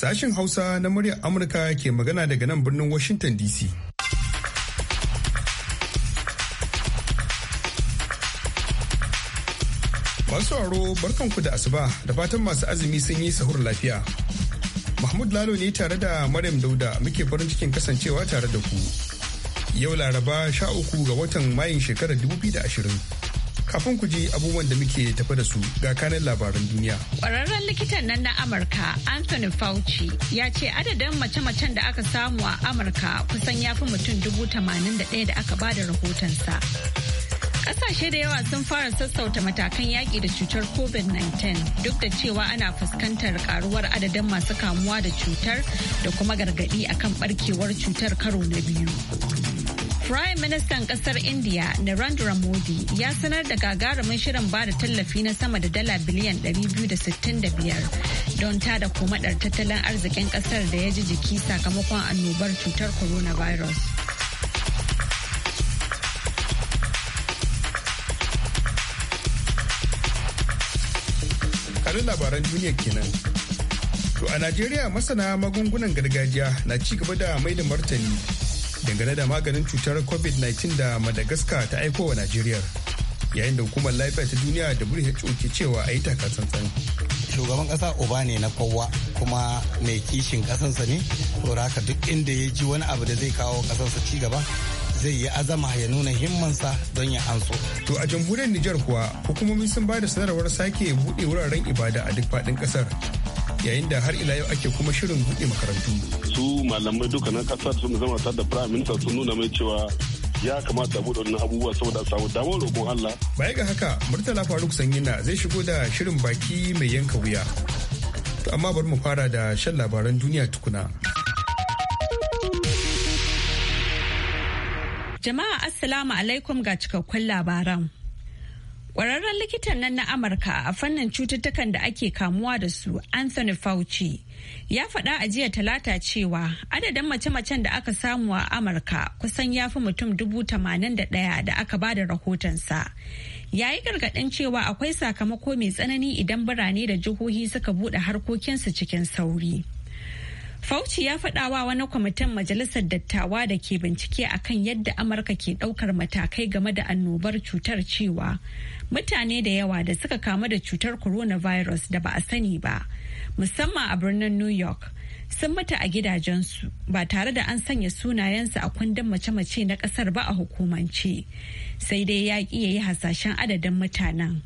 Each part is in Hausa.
Sashen Hausa na muryar Amurka ke magana daga nan birnin Washington DC. Masu sauraro barkanku da asuba da fatan masu azumi sun yi sahur lafiya. Mahmud Lalo ne tare da Maryam Dauda muke farin cikin kasancewa tare da ku. Yau Laraba sha uku ga watan Mayun shekarar 2020. Kafin ku ji abubuwan da muke tafi da su ga kanin labaran duniya. Ƙwararren likitan nan na Amurka Anthony Fauci ya ce adadin mace-macen da aka samu a Amurka kusan ya fi mutum dubu tamanin da ɗaya da aka ba da rahotonsa. Ƙasashe da yawa sun fara sassauta matakan yaƙi da cutar COVID-19 duk da cewa ana fuskantar karuwar adadin masu kamuwa da cutar da kuma gargaɗi akan ɓarkewar cutar karo na biyu. Prime Ministan kasar India Narendra Modi ya sanar da gagarumin shirin ba da tallafi na sama da dala biliyan 265 don ta da komadar tattalin arzikin kasar da ya ji jiki sakamakon annobar cutar coronavirus. Karin labaran duniya kenan. To a Najeriya masana magungunan gargajiya na ci gaba da mai da martani dangane da maganin cutar covid-19 da madagascar ta aiko wa najeriya yayin da hukumar lafiya ta duniya da who ke cewa a yi takatsantsan shugaban kasa uba ne na kowa kuma mai kishin kasansa ne saboda haka duk inda ya ji wani abu da zai kawo kasansa ci gaba zai yi azama ya nuna himmansa don ya anso. To a jamhuriyar Nijar kuwa hukumomi sun ba da sanarwar sake buɗe wuraren ibada a duk faɗin ƙasar yayin da har ila yau ake kuma shirin buɗe makarantu. Su malamai duka na kasa sun zama tare da Prime Minister sun nuna mai cewa ya kamata a buɗe wannan abubuwa saboda samu damar roƙon Allah. Baya ga haka Murtala Faruk Sanyina zai shigo da shirin baki mai yanka wuya. To amma bari mu fara da shan labaran duniya tukuna. Jama'a Assalamu alaikum ga cikakkun labaran. Ƙwararren likitan nan na Amurka a fannin cututtukan da ake kamuwa da su Anthony Fauci ya faɗa a jiya talata cewa adadin mace-macen da aka samu a Amurka kusan ya fi mutum dubu tamanin da ɗaya da aka ba da rahotonsa. Ya yi gargaɗin cewa akwai sakamako mai tsanani idan birane da jihohi suka buɗe harkokinsu cikin sauri. Fauci ya wa wani kwamitin majalisar dattawa da ke bincike a kan yadda Amurka ke ɗaukar matakai game da annobar cutar cewa mutane da yawa da suka kamu da cutar coronavirus da ba a sani ba, musamman a birnin New York, sun mutu a gidajensu ba tare da an sanya sunayensu a kundin mace-mace na ƙasar ba a hukumance. Sai dai ya ƙi ya yi hasashen adadin mutanen.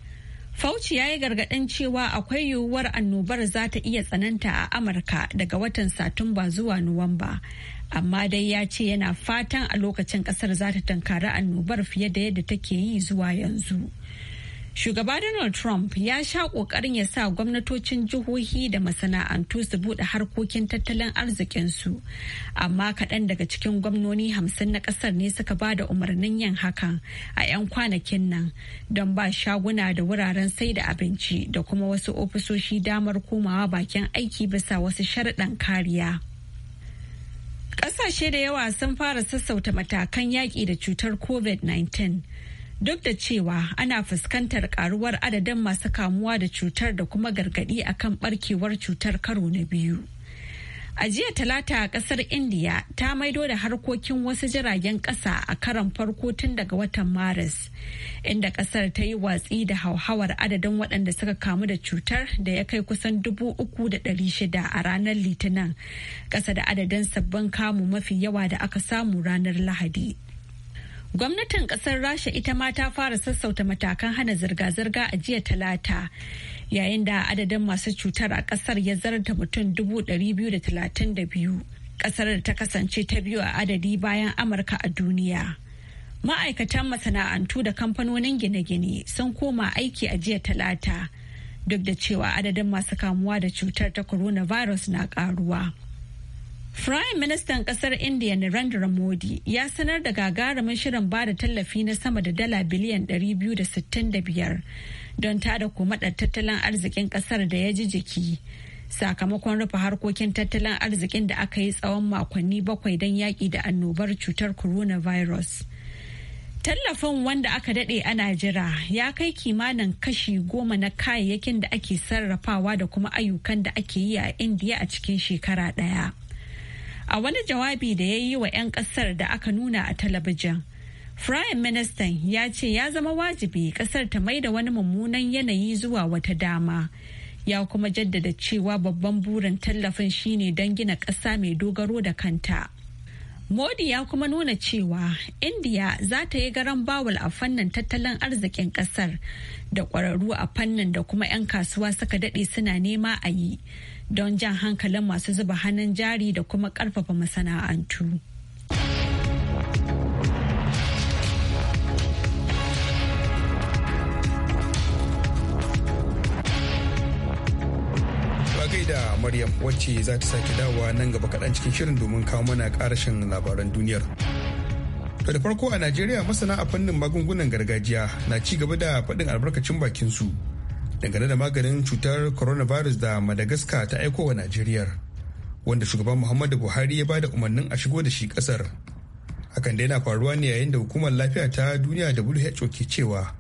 Fauci ya yi gargaɗin cewa akwai yiwuwar annobar za ta iya tsananta a Amurka daga watan Satumba zuwa Nuwamba. Amma dai ya ce yana fatan a lokacin ƙasar za ta tankari annobar fiye da yadda take yi zuwa yanzu. Shugaba Donald Trump ya sha ƙoƙarin ya sa gwamnatocin jihohi da masana'antu su buɗe harkokin tattalin arzikinsu, amma kaɗan daga cikin gwamnoni hamsin na ƙasar ne suka ba da umarnin yin hakan a 'yan kwanakin nan don ba shaguna da wuraren sai da abinci da kuma wasu ofisoshi damar komawa bakin aiki bisa wasu sharaɗan kariya. Ƙasashe da yawa sun fara sassauta matakan yaƙi da cutar COVID-19. duk da cewa ana fuskantar karuwar adadin masu kamuwa da cutar da kuma gargadi akan barkewar cutar karo na biyu a jiya talata a kasar india ta maido da harkokin wasu jiragen kasa a karon farko tun daga watan maris inda kasar ta yi watsi da hauhawar adadin waɗanda suka kamu da cutar da ya kai kusan dubu uku da ɗari shida a ranar litinin ƙasa da adadin sabbin kamu mafi yawa da aka samu ranar lahadi Gwamnatin ƙasar Rasha ita ma ta fara sassauta matakan hana zirga-zirga a jiya talata yayin da adadin masu cutar a ƙasar ya zarta mutum 232 kasar da ta kasance ta biyu a adadi bayan Amurka a duniya. Ma'aikatan masana'antu da kamfanonin gine-gine sun koma aiki a jiya talata duk da cewa adadin masu kamuwa da cutar ta coronavirus na karuwa. Prime Ministan kasar India Narendra Modi ya sanar da gagarumin shirin ba da tallafi na sama da dala biliyan 265 don ta tada komaɗar tattalin arzikin kasar da ya ji jiki. Sakamakon rufe harkokin tattalin arzikin da aka yi tsawon makonni bakwai don yaƙi da annobar cutar coronavirus. Tallafin wanda aka daɗe ana jira ya kai kimanin kashi goma na kayayyakin da ake sarrafawa da kuma ayyukan da ake yi a Indiya a cikin shekara ɗaya. a wani jawabi da ya yi wa 'yan kasar da aka nuna a talabijin Prime Minister ya ce ya zama wajibi kasar ta mai da wani mummunan yanayi zuwa wata dama. Ya kuma jaddada cewa babban burin tallafin shine don gina ƙasa mai dogaro da kanta. Modi ya kuma nuna cewa Indiya za ta yi garan bawul a fannin tattalin arzikin ƙasar da ƙwararru a fannin da kuma 'yan kasuwa suka daɗe suna nema a yi. don jan hankalin masu zuba hannun jari da kuma karfafa masana'antu. da Maryam wacce za ta sake dawowa nan gaba kaɗan cikin shirin domin kawo mana ƙarashin labaran duniyar. To da farko a Najeriya masana a fannin magungunan gargajiya na ci gaba da faɗin albarkacin bakin su dangane da maganin cutar coronavirus da madagascar ta aiko wa najeriya wanda shugaban muhammadu buhari ya bada umarnin a shigo da shi kasar hakan dai na faruwa ne yayin da hukumar lafiya ta duniya who ke cewa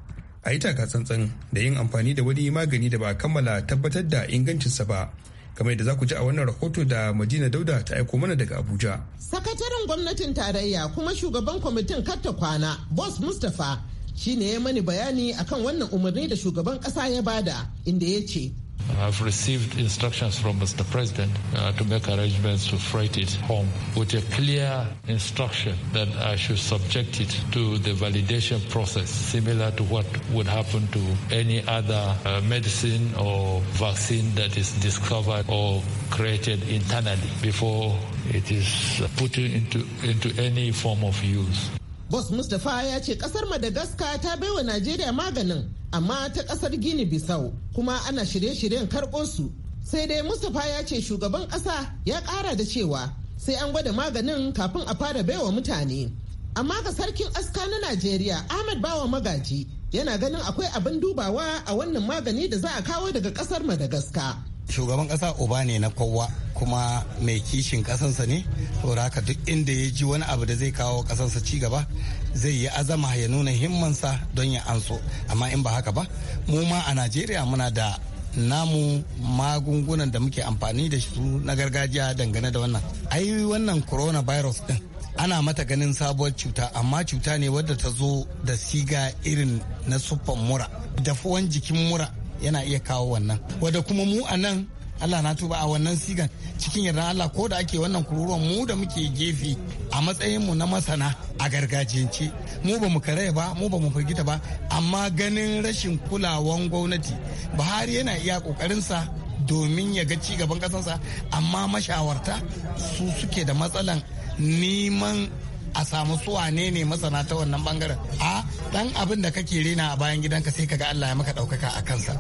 a yi tsantsan da yin amfani da wani magani da ba a kammala tabbatar da ingancinsa ba kamar yadda za ku ji a wannan rahoto da madina dauda ta aiko mana daga abuja sakataren gwamnatin tarayya kuma shugaban kwamitin katta kwana boss mustapha ya mani bayani akan wannan umarni da shugaban kasa ya bada inda ya ce I've received instructions from Mr. President uh, to make arrangements to freight it home with a clear instruction that I should subject it to the validation process similar to what would happen to any other uh, medicine or vaccine that is discovered or created internally before it is put into, into any form of use. boss Mustapha ya ce kasar Madagascar ta baiwa Najeriya maganin amma ta kasar Gini Bisau kuma ana shirye-shiryen karɓo su. Sai dai Mustapha ya ce shugaban ƙasa ya kara da cewa sai an gwada maganin kafin a fara baiwa mutane. Amma ga sarkin aska na Najeriya ahmed Bawa Magaji yana ganin akwai abin dubawa a wannan magani da za a kawo daga kasar Madagascar. shugaban kasa uba ne na kowa kuma mai kishin kasansa ne saboda haka duk inda ya ji wani abu da zai kawo kasansa ci gaba zai yi azama ya nuna himmansa don ya anso amma in ba haka ba mu ma a najeriya muna da namu magungunan da muke amfani da su na gargajiya dangane da wannan ai wannan coronavirus din ana mata ganin sabuwar cuta amma cuta ne wadda ta zo da siga irin na siffan mura dafuwan jikin mura yana iya kawo wannan wadda kuma mu a nan Allah na tuba a wannan sigan cikin yarda Allah ko da ake wannan kururuwan mu da muke gefe a matsayinmu na masana a gargajiyance mu ba mu karaya ba mu ba mu firgita ba amma ganin rashin kulawan gwamnati Buhari yana iya kokarinsa domin ya ga ci gaban kasansa amma mashawarta su suke da matsalan neman a samu su wane ne masana ta wannan bangaren a dan abin da kake rena a bayan gidanka sai kaga Allah ya maka daukaka a kansa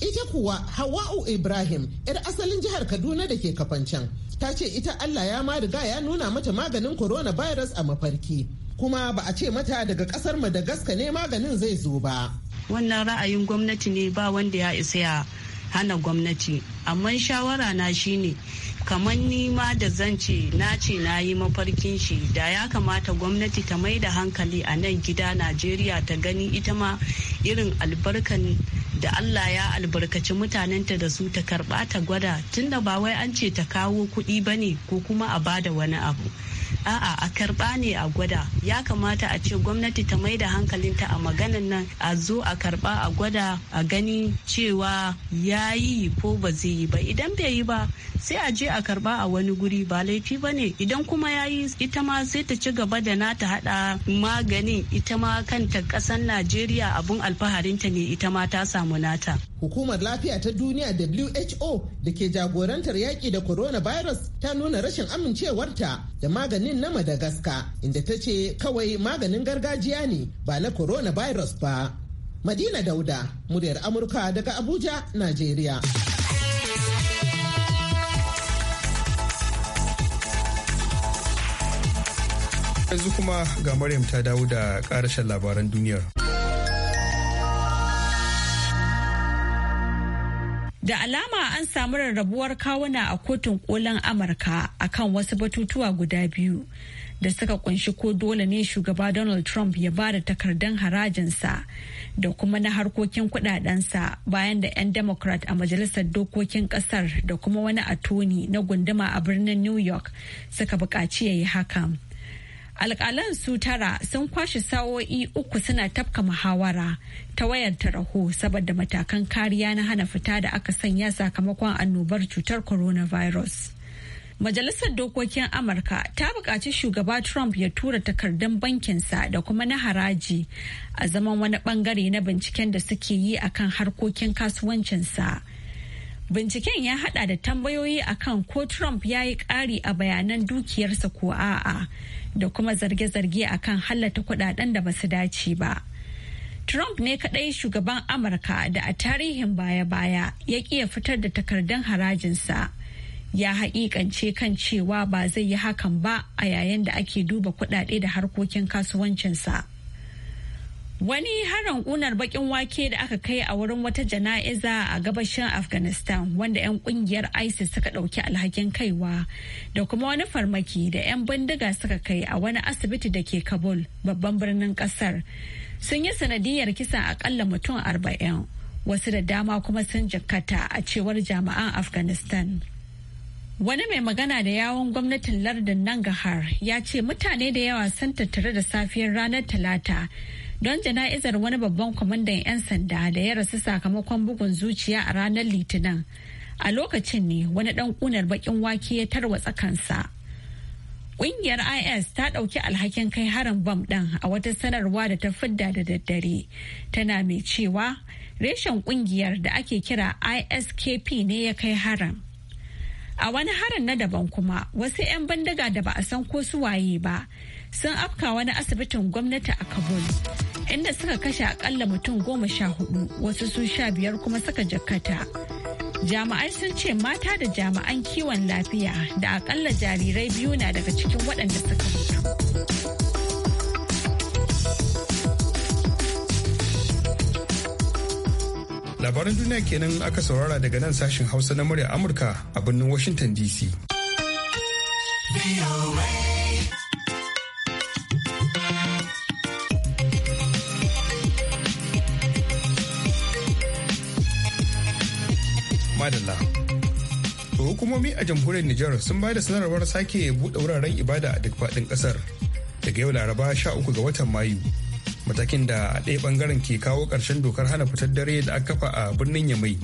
ita kuwa Hawa'u Ibrahim yar asalin jihar Kaduna da ke kafancan ta ce ita Allah ya ma riga ya nuna mata maganin coronavirus a mafarki kuma ba a ce mata daga kasar Madagascar ne maganin zai zo ba wannan ra'ayin gwamnati ne ba wanda ya isa ya hana gwamnati amma shawara na shine kamar ni ma da zan ce na ce na yi mafarkin shi da ya kamata gwamnati ta mai da hankali a nan gida najeriya ta gani ita ma irin albarkan da allah ya albarkaci mutanenta da su ta karba ta gwada tunda ba wai an ce ta kawo kuɗi ba ne ko kuma a bada wani abu a'a a karba ne a gwada ya kamata a ce gwamnati ta mai da hankalinta a maganan nan a zo a karba a gwada a gani cewa ya yi ko ba zai yi ba idan bai yi ba sai a je a karba a wani guri ba laifi ba ne idan kuma ya yi ita ma sai ta ci gaba da nata hada maganin ita ma kanta kasan najeriya abun alfaharinta ne ita ma ta samu nata Hukumar lafiya ta duniya WHO da ke jagorantar yaƙi da coronavirus ta nuna rashin amincewarta da maganin na madagaska inda ta ce kawai maganin gargajiya ne ba na coronavirus ba. Madina Dauda, muryar Amurka daga Abuja, Najeriya. Yanzu kuma ga Maryam ta dawo da ƙarashin labaran duniyar. Da alama an samu rarrabuwar kawuna a kotun kolon Amurka akan wasu batutuwa guda biyu da suka kunshi ko dole ne shugaba Donald Trump ya ba da takardun harajinsa da kuma na harkokin kudadensa bayan da 'yan Democrat a Majalisar Dokokin Kasar da kuma wani atoni na gunduma a birnin New York suka buƙaci ya yi hakan. alƙalan su tara sun kwashe sa'o'i uku suna tafka muhawara ta wayar taraho saboda matakan kariya na hana fita da aka sanya sakamakon annobar cutar coronavirus. Majalisar Dokokin Amurka ta buƙaci shugaba Trump ya tura takardun bankinsa da kuma na haraji a zaman wani bangare na binciken da suke yi akan harkokin kasuwancinsa. Binciken ya hada da tambayoyi akan ko Trump ya yi ƙari a bayanan dukiyarsa ko a'a da kuma zarge-zarge akan hallata kudaden da basu dace ba. Trump ne kadai shugaban Amurka da a tarihin baya-baya ya ƙiya fitar da takardun harajinsa. Ya haƙiƙance kan cewa ba zai yi hakan ba a yayin da ake duba kudade da harkokin kasuwancinsa. Wani harin ƙunar bakin wake da aka kai a wurin wata jana'iza a gabashin Afghanistan wanda 'yan kungiyar ISIS suka ɗauki alhakin kaiwa da kuma wani farmaki da 'yan bindiga suka kai a wani asibiti da ke Kabul babban birnin ƙasar sun yi sanadiyar kisa akalla mutum arba'in wasu da dama kuma sun jikkata a cewar jami'an Afghanistan. Wani mai magana da yawon gwamnatin lardin Nangarhar ya ce mutane da yawa sun tattare da safiyar ranar Talata don jana'izar wani babban kwamandan 'yan sanda da ya rasu sakamakon bugun zuciya a ranar litinin a lokacin ne wani dan kunar bakin wake ya tarwatsa kansa Ƙungiyar IS ta ɗauki alhakin kai harin bam ɗin a wata sanarwa da ta fidda da daddare. Tana mai cewa reshen ƙungiyar da ake kira ISKP ne ya kai harin. A wani harin na daban kuma wasu 'yan bindiga da ba a san ko su waye ba sun afka wani asibitin gwamnati a kabul inda suka kashe akalla mutum goma sha hudu wasu su sha biyar kuma suka jakkata jami'ai sun ce mata da jami'an kiwon lafiya da akalla jarirai biyu na daga cikin waɗanda suka mutu labaran duniya kenan aka saurara daga nan sashen hausa na murya amurka a birnin washington dc madalla hukumomi a jamhuriyar nijar sun ba da sanarwar sake buɗe wuraren ibada a duk faɗin ƙasar daga yau laraba 13 ga watan mayu matakin da a ɗaya ɓangaren ke kawo ƙarshen dokar hana fitar dare da aka kafa a birnin yamai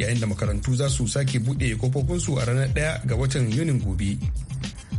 yayin da makarantu za su sake buɗe kofofinsu a ranar ɗaya ga watan yunin gobe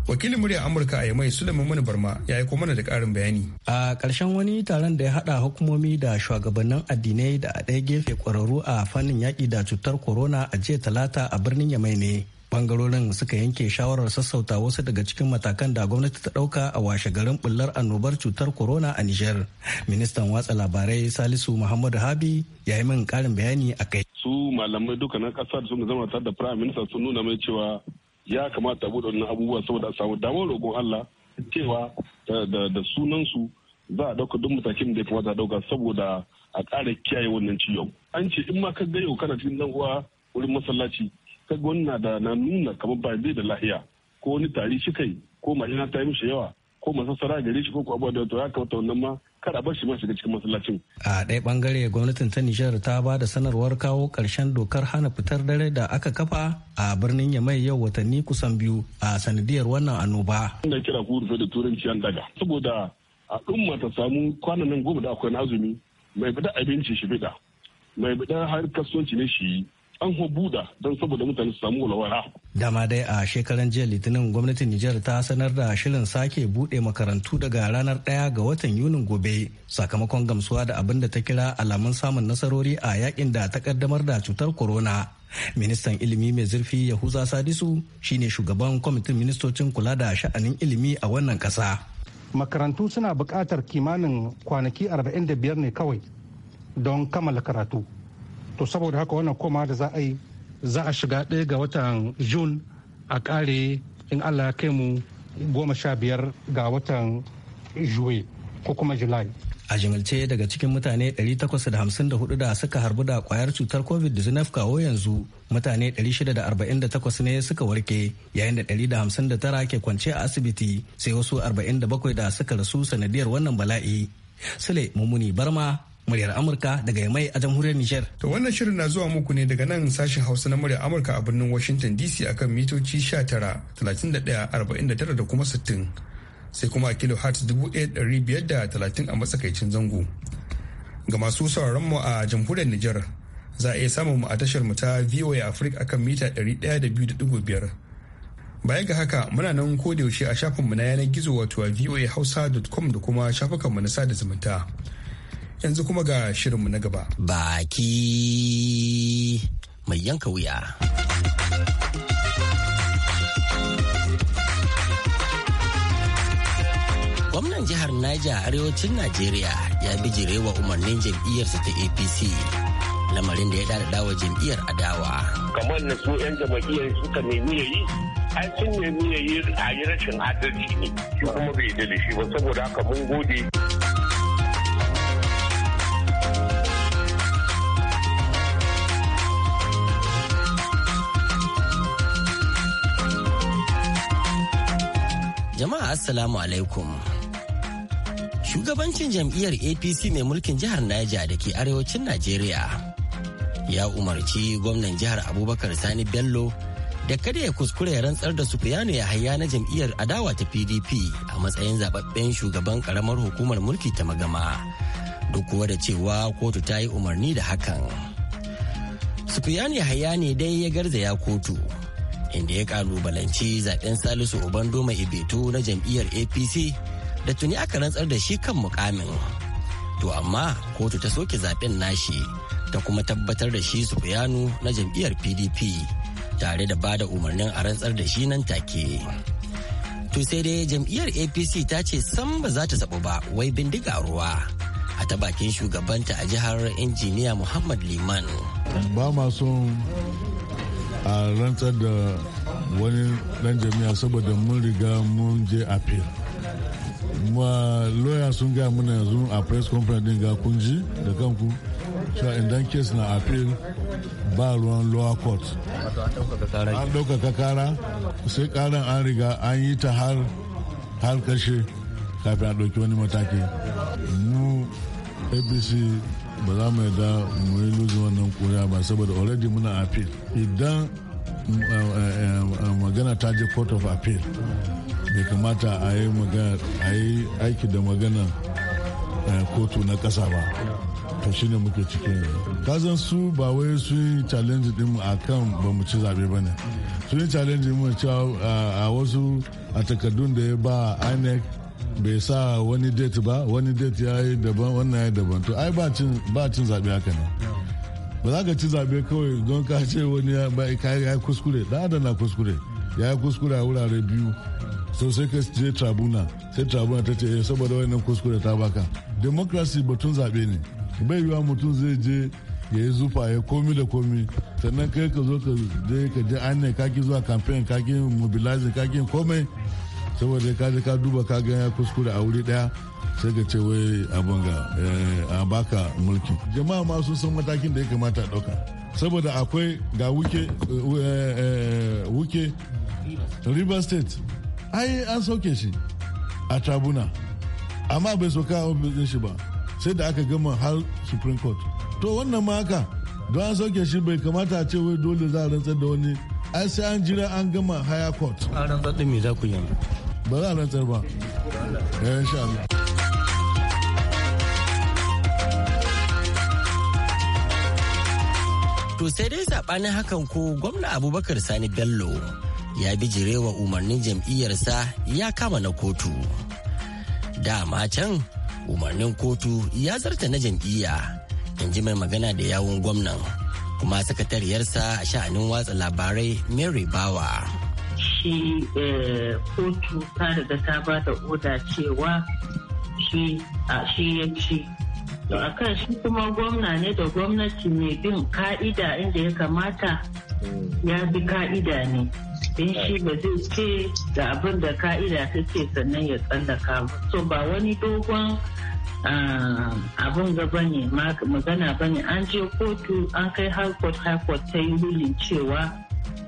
wakilin murya amurka a yamai suleiman mani barma ya aiko mana da karin bayani a ƙarshen wani taron da ya hada hukumomi da shugabannin addinai da a ɗaya gefe kwararru a fannin yaƙi da cutar corona a jiya talata a birnin yamai ne bangarorin suka yanke shawarar sassauta wasu daga cikin matakan da gwamnati ta dauka a washe garin bullar annobar cutar corona a Nijar. Ministan watsa labarai Salisu Muhammadu Habi ya yi min karin bayani a kai. Su malamai duka na kasar sun zama tare da Prime Minister sun nuna mai cewa ya kamata a buɗe wannan abubuwa saboda a samu damar roƙon Allah cewa da sunansu za a ɗauka duk matakin da ya kamata a ɗauka saboda a ƙara kiyaye wannan ciwon. An ce in ma ka ga yau kana cikin uwa wurin masallaci ka ga wannan da na nuna kamar ba zai da lahiya ko wani tari shi kai ko majina ta yi mishi yawa ko masassara gare shi ko abubuwa da ya kamata wannan ma kada bar shi ma shiga cikin masallacin. A ɗaya ɓangare gwamnatin ta Nijar ta ba da sanarwar kawo ƙarshen dokar hana fitar dare da aka kafa a birnin Yamai yau watanni kusan biyu a sanadiyar wannan annoba. Ina kira ku rufe da turanci an daga saboda al'umma ta samu kwanan goma da akwai na azumi mai bida abinci shi bida mai bida har kasuwanci ne shi an buda don saboda mutane su samu walwala. Dama dai a shekaran jiya Litinin gwamnatin Nijar ta sanar da shirin sake bude makarantu daga ranar daya ga watan Yunin gobe sakamakon gamsuwa da abin da ta kira alamun samun nasarori a yakin da ta kaddamar da cutar corona. Ministan ilimi mai zurfi Yahuza Sadisu shine shugaban kwamitin ministocin kula da sha'anin ilimi a wannan kasa. Makarantu suna buƙatar kimanin kwanaki 45 ne kawai don kammala karatu. to saboda haka wannan koma da za a yi za a shiga ɗaya ga watan june a ƙare in allah ya kai mu goma sha biyar ga watan juwe ko kuma july. a jimilce daga cikin mutane 854 da suka harbu da kwayar cutar covid-19 kawo yanzu mutane 648 ne suka warke yayin da 159 ke kwance a asibiti sai wasu 47 da suka rasu sanadiyar wannan bala'i sule mummuni barma muryar Amurka daga Yamai a jamhuriyar Nijar. To wannan shirin na zuwa muku ne daga nan sashen Hausa na muryar Amurka a birnin Washington DC akan mitoci 19, 31, 49 da kuma 60. Sai kuma a kilo hat 1530 a matsakaicin zango. Ga masu sauraron mu a jamhuriyar Nijar za a iya samun mu a tashar mu ta VOA Africa akan mita 102.5. Baya ga haka muna nan ko da yaushe a shafinmu na yanar gizo wato a voahausa.com da kuma shafukanmu na sada zumunta. Yanzu kuma ga shirinmu na gaba. Baki mai yanka wuya. Gwamnan jihar Niger arewacin Najeriya ya bijirewa umarnin jam'iyyarsa ta APC lamarin da ya dada wa jam'iyyar adawa. Kamar na su 'yan jam'iyyar suka nemi yayi an sun nemi yayi a yi rashin adalci ne. Shi kuma bai da shi ba saboda haka mun gode. Jama'a Assalamu alaikum. Shugabancin jam'iyyar APC mai mulkin jihar Niger da ke arewacin Najeriya ya umarci gwamnan jihar Abubakar Sani Bello da kada ya kuskure ya rantsar da Sufiyanu Yahaya na jam'iyyar adawa ta PDP a matsayin zababben shugaban karamar hukumar mulki ta magama. Duk kuwa da cewa kotu ta yi umarni da hakan. Sufiyanu Yahaya ne dai ya garzaya kotu inda ya kalubalanci zaben salisu obandoma ibeto na jam'iyyar apc da tuni aka rantsar da shi kan mukamin to amma kotu ta soke zaben nashi ta kuma tabbatar da shi sufiyanu na jam'iyyar pdp tare da bada umarnin a rantsar da shi nan take to sai dai jam'iyyar apc ta ce sam ba za ta saba ba wai bindiga ruwa a ta bakin shugabanta a jihar injiniya muhammad liman ba ma a rantsar da wani dan jami'a saboda mun riga mun je appeal ma lawyer sun gaya mana yanzu a press conference din ga kunji da kanku cewa idan kes na appeal ba ruwan lower court an ɗaukaka kara sai karan an riga an yi ta har har kashe kafin a ɗauki wani mataki mu abc ba za mu yarda mu yi luzu wannan kuri'a ba saboda already muna appeal idan eh, eh, eh, magana ta je court of appeal bai kamata a yi aiki da magana kotu na ƙasa ba to shine muke cikin kazan su ba wai su yi challenge din mu akan ba mu ci zabe ba ne su yi challenge mu a wasu a takardun da ya ba inec bai sa wani date ba wani date ya yi daban wannan ya yi daban to ai ba cin zaɓe haka ne ba za ka ci zaɓe kawai don ka ce wani ya yi kuskure da adam na kuskure ya yi kuskure a wurare biyu so sai ka je tribuna sai tribuna ta ce eh, saboda wannan kuskure ta baka democracy batun zaɓe ne bai yiwa mutum zai je ya yi zufa ya komi da komi sannan kai ka zo ka je ka je an ne kaki zuwa campaign kaki mobilizing kaki komai saboda ka ka duba ka ga ya kuskure a wuri daya sai ka ce wai abin ga eh, a baka mulki jama'a ma sun san matakin da ya kamata a dauka saboda akwai ga wuke eh, eh, wuke river state ai an sauke shi a tabuna amma bai sauka a ofishin shi ba sai da aka gama har supreme court to wannan ma haka don an sauke shi bai kamata a ce wai dole za a rantsar da wani ai sai an jira an gama higher court an rantsar da me za ku yi ba za a rantar ba ya eh, Allah To sai dai saɓanin hakan ko gwamna Abubakar Sani Bello ya bi bijirewa umarnin jam'iyyarsa ya kama na kotu. Dama can umarnin kotu ya zarta na jam'iyya in ji mai magana da yawun gwamnan kuma sakatariyarsa a sha'anin watsa labarai Mary Bawa. shi eh, kotu ta riga ta ba da oda cewa shi ya ci to a kan shi kuma gwamna ne da gwamnati mai bin ka'ida inda ya kamata hmm. ya bi ka'ida ne in shi ba zai ce da abin da ka'ida ta ce sannan ya tsallaka ba so ba wani dogon abin gaba ne magana bane ne an je kotu an kai harcourt harcourt ta yi rulin cewa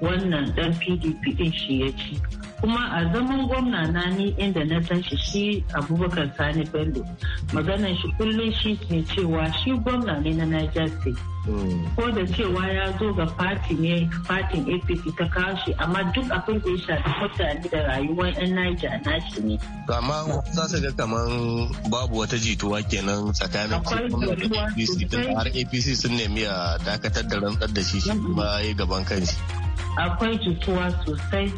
wannan dan pdp din shi ya ci kuma a zaman gwamna na ni inda na san shi shi abubakar sani bello maganar shi kullum shi ne cewa shi gwamna ne na niger state hmm. ko da cewa ya zo ga fati ne fatin apc ta kawo shi amma duk abin da ya shafi mutane da rayuwar yan niger na shi ne amma za su ga kamar babu wata jituwa kenan tsakanin apc har apc sun nemi a dakatar da rantsar da shi shi ba ya gaban kanshi akwai jituwa sosai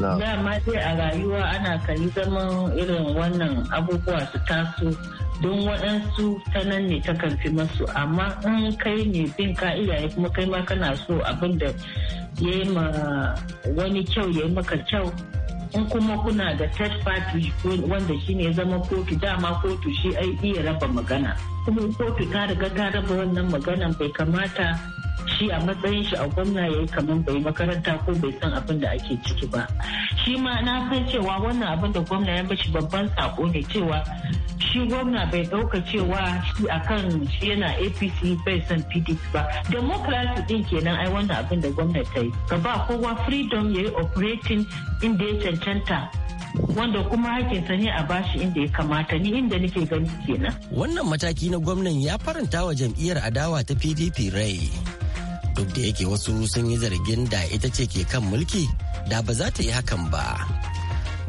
dama dai a rayuwa ana kan zaman irin wannan abubuwa su taso don waɗansu ta nan ne ta fi masu amma in kai ne bin ka iyaye kuma kai ma kana so abinda da ya yi ma wani kyau ya yi maka kyau in kuma kuna da third party wanda shine ne zama kotu dama kotu shi ai iya raba magana kuma kotu ta riga ta raba wannan maganan bai kamata shi a matsayin shi a gwamna ya yi kamar bai makaranta ko bai san abin da ake ciki ba shi ma na san cewa wannan abin da gwamna ya mace babban sako ne cewa shi gwamna bai ɗauka cewa shi akan shi yana apc bai san pdp ba democracy din kenan ai wannan abin da gwamna ta yi ka ba kowa freedom ya yi operating inda ya cancanta wanda kuma hakinsa ne a bashi inda ya kamata ni inda nake gani kenan. Wannan mataki na gwamnan ya faranta wa jam'iyyar adawa ta PDP rai. duk da yake wasu sun yi zargin da ita ce ke kan mulki da ba za ta yi hakan ba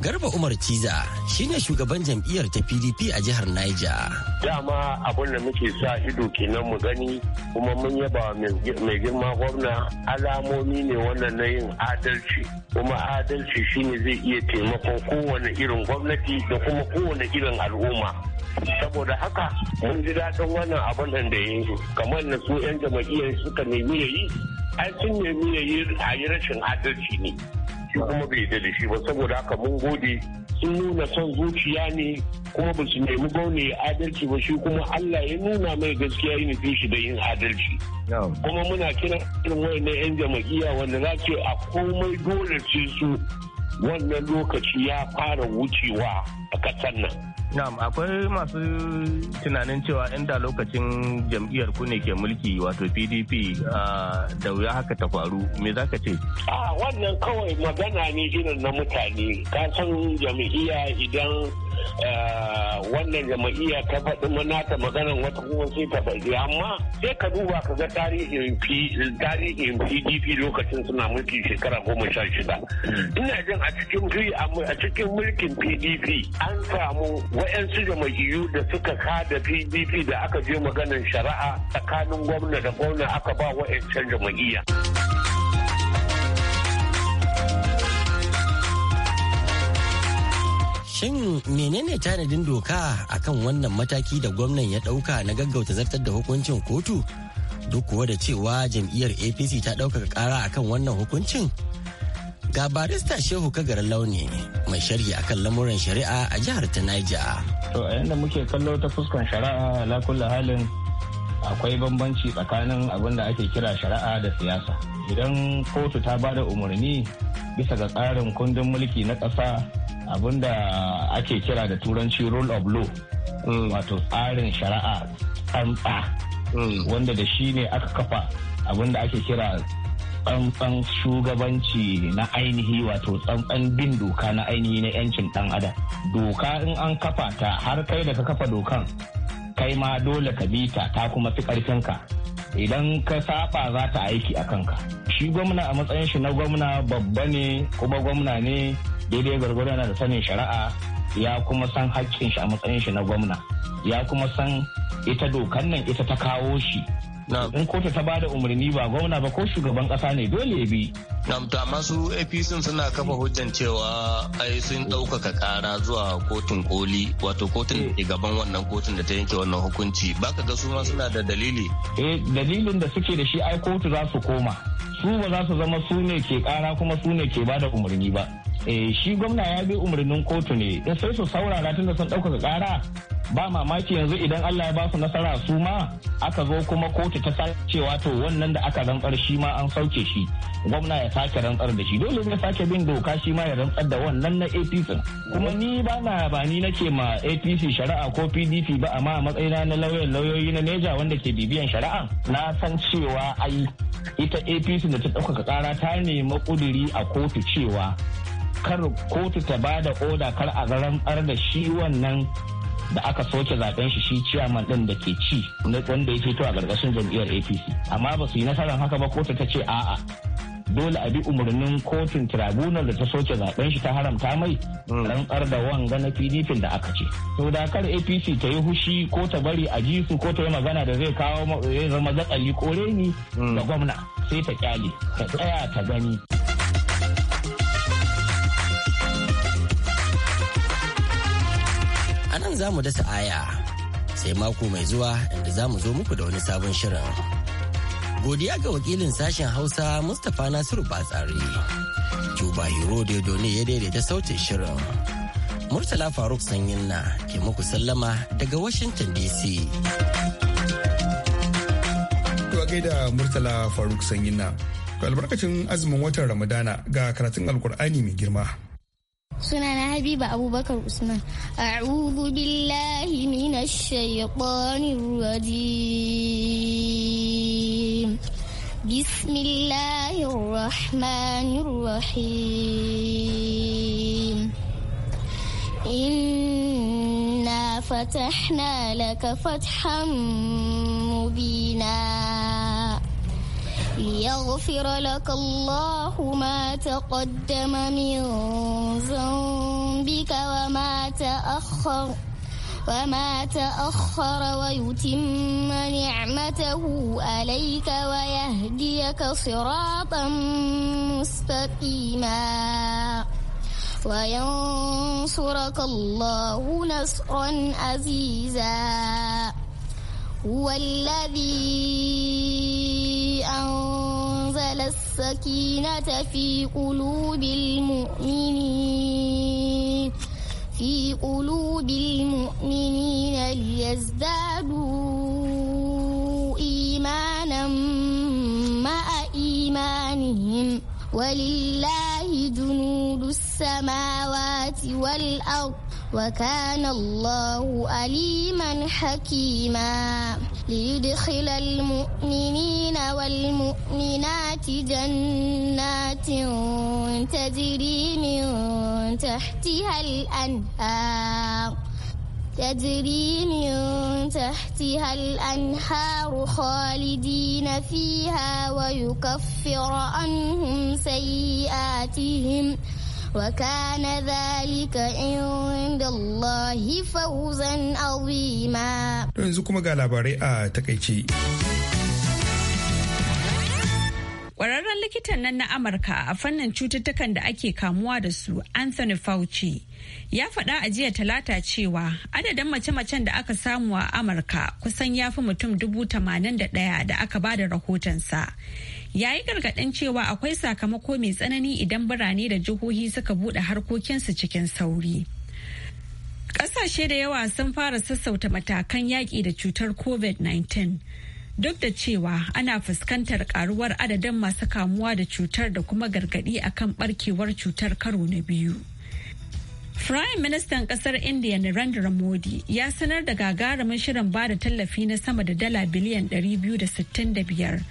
Garba Umar Ciza shine shugaban jam'iyyar ta PDP a jihar Niger. Dama abin da muke sa ido kenan mu gani kuma mun yaba mai girma gwamna alamomi ne wannan na yin adalci kuma adalci shine zai iya taimakon kowane irin gwamnati da kuma kowane irin al'umma. saboda haka mun ji daɗin wannan abin da ya kamar na su 'yan jama'iyyar suka nemi ya yi an sun nemi ya yi rashin adalci ne shi kuma bai da shi ba saboda haka mun gode sun nuna son zuciya ne kuma ba su nemi ya adalci ba shi kuma Allah ya nuna mai gaskiya yi nufi shi da yin adalci. Kuma muna kiran irin wayannan 'yan jama'iya wanda za ce a komai dole ce su wannan lokaci ya fara wucewa a ƙasar nan. Na'am akwai masu tunanin cewa inda lokacin jam'iyyar ku ne ke mulki wato PDP ah, da wuya haka ta faru me za ka ce? A wannan kawai magana ne irin na mutane kasan jam'iyya idan ah, wannan jam'iyya ta faɗi ta maganan wata kuma sai ta faɗi amma sai ka duba ka ga tarihin pdp lokacin suna mulki shekara goma sha shida hmm. ina jin a a cikin a cikin mulkin pdp an samu wa'yansu jama'iyu da suka kada pdp da aka je maganin shari'a tsakanin gwamna da gwamna aka ba wa'yancan jama'iyya. Shin menene tanadin doka akan wannan mataki da gwamnan ya ɗauka na gaggauta zartar da hukuncin kotu? Duk kuwa da cewa jam'iyyar APC ta ɗaukaka ƙara akan wannan hukuncin? Ga barista Shehu kagarin Launi mai sharhi akan lamuran shari'a a jihar ta Niger. To a yanda muke kallo ta fuskan shari'a lakulla halin akwai bambanci tsakanin abin da ake kira shari'a da siyasa. Idan kotu ta ba da umarni bisa ga tsarin kundin mulki na ƙasa abin da ake kira da turanci rule of law hmm. wato tsarin shari'a tsantsa hmm. wanda da shi ne aka kafa abin da ake kira tsantsan shugabanci na ainihi wato tsantsan bin doka na ainihi na 'yancin dan adam doka in an kafa ta har kai da ka kafa dokan kai ma dole ka bi ta ta kuma fi karfin ka. idan ka saba za ta aiki a kanka shi gwamna a matsayin shi na gwamna babba ne kuma gwamna ne daidai gwargwado na da sanin shari'a ya kuma san haƙƙin shi a matsayin shi na gwamna ya kuma san ita dokan nan ita ta kawo shi in kotu ta bada umarni ba gwamna ba ko shugaban kasa ne dole ya bi namta masu apc suna kafa hujjan cewa ai sun ɗaukaka kara zuwa kotun koli wato kotun da ke gaban wannan kotun da ta yanke wannan hukunci baka ga su ma suna da dalili eh dalilin da suke da shi ai kotu za su koma su ba za su zama su ne ke kara kuma su ne ke bada umarni ba Eh, shi gwamna ya bi umarnin kotu ne in sai su saurara tun da sun ɗaukaka ƙara ba mamaki yanzu idan Allah ya ba su nasara su ma aka zo kuma kotu ta sace cewa to wannan da aka rantsar shi ma an sauke shi gwamna ya sake rantsar da shi dole ne sake bin doka shi ma ya rantsar da wannan na APC kuma ni ba na ba ni nake ma APC shari'a ko PDP ba amma a matsayina na lauyan lauyoyi na Neja wanda ke bibiyan shari'a na san cewa ai ita APC da ta ɗaukaka ƙara ta nemi ƙuduri a kotu cewa kar kotu ta ba da oda kar a rantsar da shi wannan da aka soke zaben shi shi ciyaman din da ke ci wanda ya fito a gargashin jam'iyyar apc amma ba su yi nasarar haka ba kotu ta ce a'a dole a bi umarnin kotun tribunal da ta soke zaben shi ta haramta mai hmm. rantsar da wanga na pdp da aka ce to da kar apc ta yi hushi ko ta bari a ji su ko ta yi magana da zai kawo zama zakali kore ni hmm. ga gwamna sai ta kyale ta tsaya ta gani. a nan za mu dasa aya sai mako mai zuwa inda za mu zo muku da wani sabon shirin. Godiya ga wakilin sashen Hausa Mustapha Nasiru Batsari. juba Hero ne ya daidaita sautin shirin. Murtala Faruk Sanyin na ke muku sallama daga Washington DC. gaida Murtala Faruk Sanyin na. albarkacin azumin watan Ramadana ga karatun Alkur'ani mai girma. سنن حبيب أبو بكر عثمان أعوذ بالله من الشيطان الرجيم بسم الله الرحمن الرحيم إنا فتحنا لك فتحا مبينا ليغفر لك الله ما تقدم من ذنبك وما تأخر وما تأخر ويتم نعمته عليك ويهديك صراطا مستقيما وينصرك الله نصرا عزيزا هو الذي أنزل السكينة في قلوب المؤمنين في قلوب المؤمنين ليزدادوا إيمانا مع إيمانهم ولله جنود السماوات والأرض وكان الله أليما حكيما ليدخل المؤمنين والمؤمنات جنات تجري من تحتها الأنهار تجري من تحتها الأنهار خالدين فيها ويكفر عنهم سيئاتهم ۖ وكان ذلك عند الله فوزا عظيما yanzu kuma ga labarai a takaice Ƙwararren likitan nan na Amurka a fannin cututtukan da ake kamuwa da su Anthony Fauci ya faɗa a jiya talata cewa adadin mace-macen da aka samu a Amurka kusan ya fi mutum dubu tamanin da ɗaya da aka ba da rahotonsa. ya yi gargaɗin cewa akwai sakamako mai tsanani idan birane da jihohi suka buɗe harkokinsu cikin sauri. Ƙasashe da yawa sun fara sassauta matakan yaƙi da cutar COVID-19. Duk da cewa ana fuskantar karuwar adadin masu kamuwa da cutar da kuma gargaɗi akan ɓarkewar cutar karo na biyu. Firayim Ministan Ƙasar India Narendra Modi ya sanar da gagarumin shirin ba da tallafi na sama da dala biliyan 265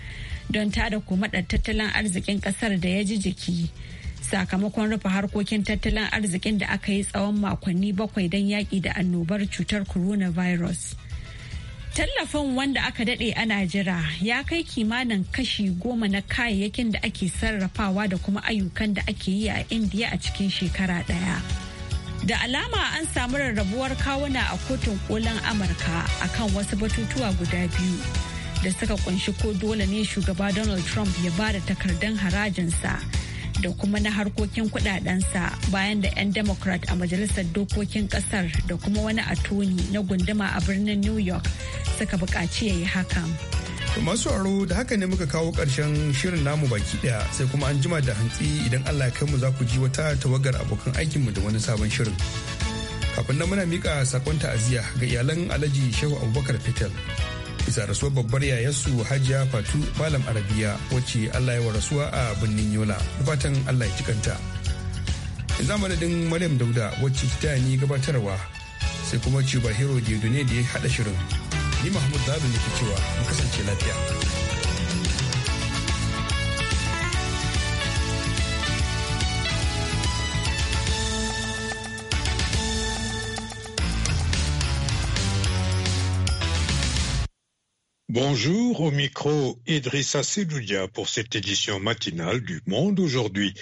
don tada da tattalin arzikin kasar da ya ji jiki sakamakon rufe harkokin tattalin arzikin da aka yi tsawon makonni bakwai don yaƙi da annobar cutar coronavirus. Tallafin wanda aka daɗe ana jira ya kai kimanin kashi goma na kayayyakin da ake sarrafawa da kuma ayyukan da ake yi a indiya a cikin shekara ɗaya. Da alama an samu rarrabuwar kawuna a kotun kolin Amurka akan wasu batutuwa guda biyu. da suka kunshi ko dole ne shugaba Donald Trump ya ba da takardun harajinsa da kuma na harkokin kudadensa bayan da 'yan Democrat a majalisar dokokin kasar da kuma wani atoni na gunduma a birnin New York suka buƙaci ya yi hakan. masu aro da haka ne muka kawo ƙarshen shirin namu baki daya sai kuma an jima da hantsi idan Allah ya mu za ku ji wata tawagar abokan aikinmu da wani sabon shirin. Kafin nan muna miƙa sakon ta'aziyya ga iyalan Alhaji Shehu Abubakar Fitel bisa rasuwar babbar yayarsu hajiya fatu malam arabiya wacce allah ya wa rasuwa a birnin yola fatan allah ya cikanta yanzu madadin maryam dauda wacce ta ni gabatarwa sai kuma ba hero ne da ya haɗa shirin ni mahmud zabi ne ke cewa mu kasance lafiya Bonjour, au micro Idrissa Seloudia pour cette édition matinale du Monde aujourd'hui.